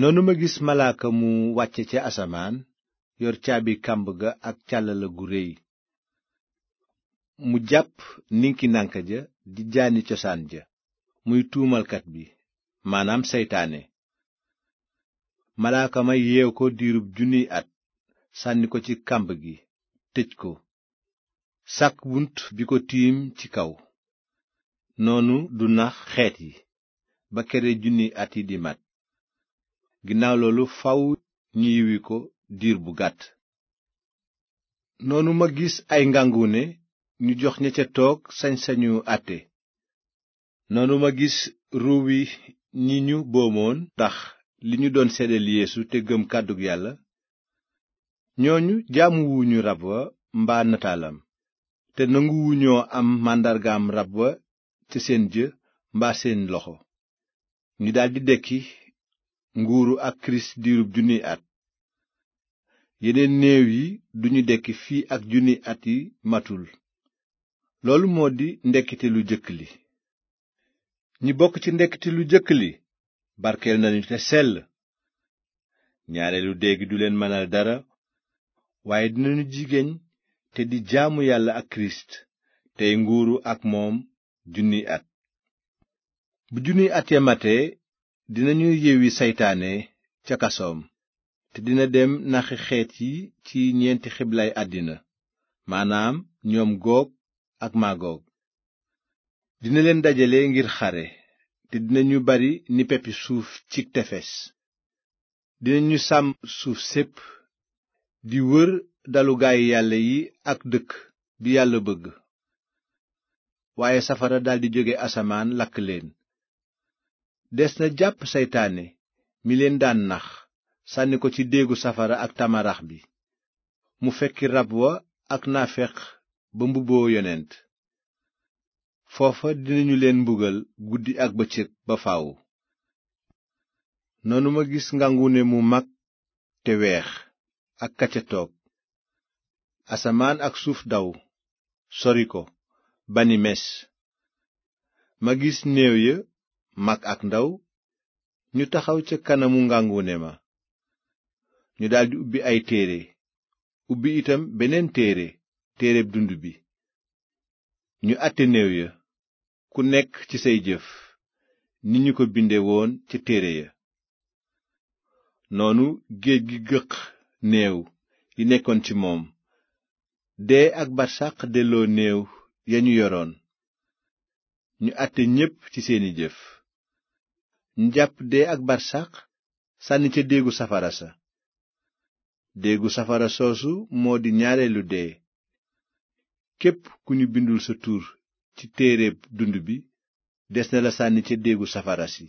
noonu ma gis malaaka mu wàcce ca asamaan yor caabi kàmb ga ak càllala gu réy mu jàpp ninki nànka ja di jaani cosaan ja muy tuumalkat bi maanaam seytaane malaaka ma yeew ko diirub junniy at sànni ko ci kàmb gi tëj ko sàkk bunt bi ko tiim ci kaw noonu du nax xeet yi ba kere junniy at yi di mat ginnaaw loolu faw ñu ko diir bu gàtt noonu ma gis ay ngàngune ñu jox ña ca toog sañ-sañu àtte noonu ma gis ruuwi ñi ñu boomoon ndax li ñu doon seedeel yeesu te gëm kàddug yàlla ñooñu jaamuwuñu rab wa mbaa nataalam te nanguwuñoo am màndargaam rab wa ca seen jë mbaa seen loxo ñu daldi dekki nguuru ak kirist diirub at yeneen néew yi duñu dekk fii ak junni at yi matul loolu moo di ndekkite lu jëkk li ñi bokk ci ndekkite lu jëkk li barkeel nañu te sell ñaareelu dee du leen mënal dara waaye dinañu jigéen te di jaamu yàlla ak kirist tey nguuru ak moom junniy at bu junniy at ya matee dinañu yewwi seytaane ca kasoom te dina dem naxi xeet yi ci ñeenti xiblay àddina maanaam ñoom goog ak magoog dina leen dajale ngir xare te dina ñu bari ni peppi suuf ci tefes dinañu sàmm suuf sépp di wër dalu gaay yàlla yi ak dëkk bi yàlla bëgg waaye safara daldi jóge asamaan lakk leen des na jàpp seytaane mi leen daan nax sànni ko ci déegu safara ak tamarax bi mu fekki rab wa ak naafeq ba mbubboo yonent foofa dinañu leen mbugal guddi ak bëccëg ba faaw noonu ma gis ngangu ne mu mag te weex ak ka ca toog asamaan ak suuf daw sori ko bani mes ma gis néew ya mag ak ndaw ñu taxaw ca kanamu ngànguune ma ñu daldi ubbi ay téere ubbi itam beneen téere téere dund bi ñu àtte néew ya ku nekk ci say jëf ni ñu ko binde woon ca téere ya noonu géej gi gëq néew yi nekkoon ci moom dee ak barsàq delloo néew ya ñu yoroon ñu àtte ñépp ci seeni jëf njàpp dee ak barsaq sànni ca déegu safara sa déegu safara soosu moo di ñaareelu dee képp ku ñu bindul sa tur ci téereb dund bi des na la sànni ca déegu safara si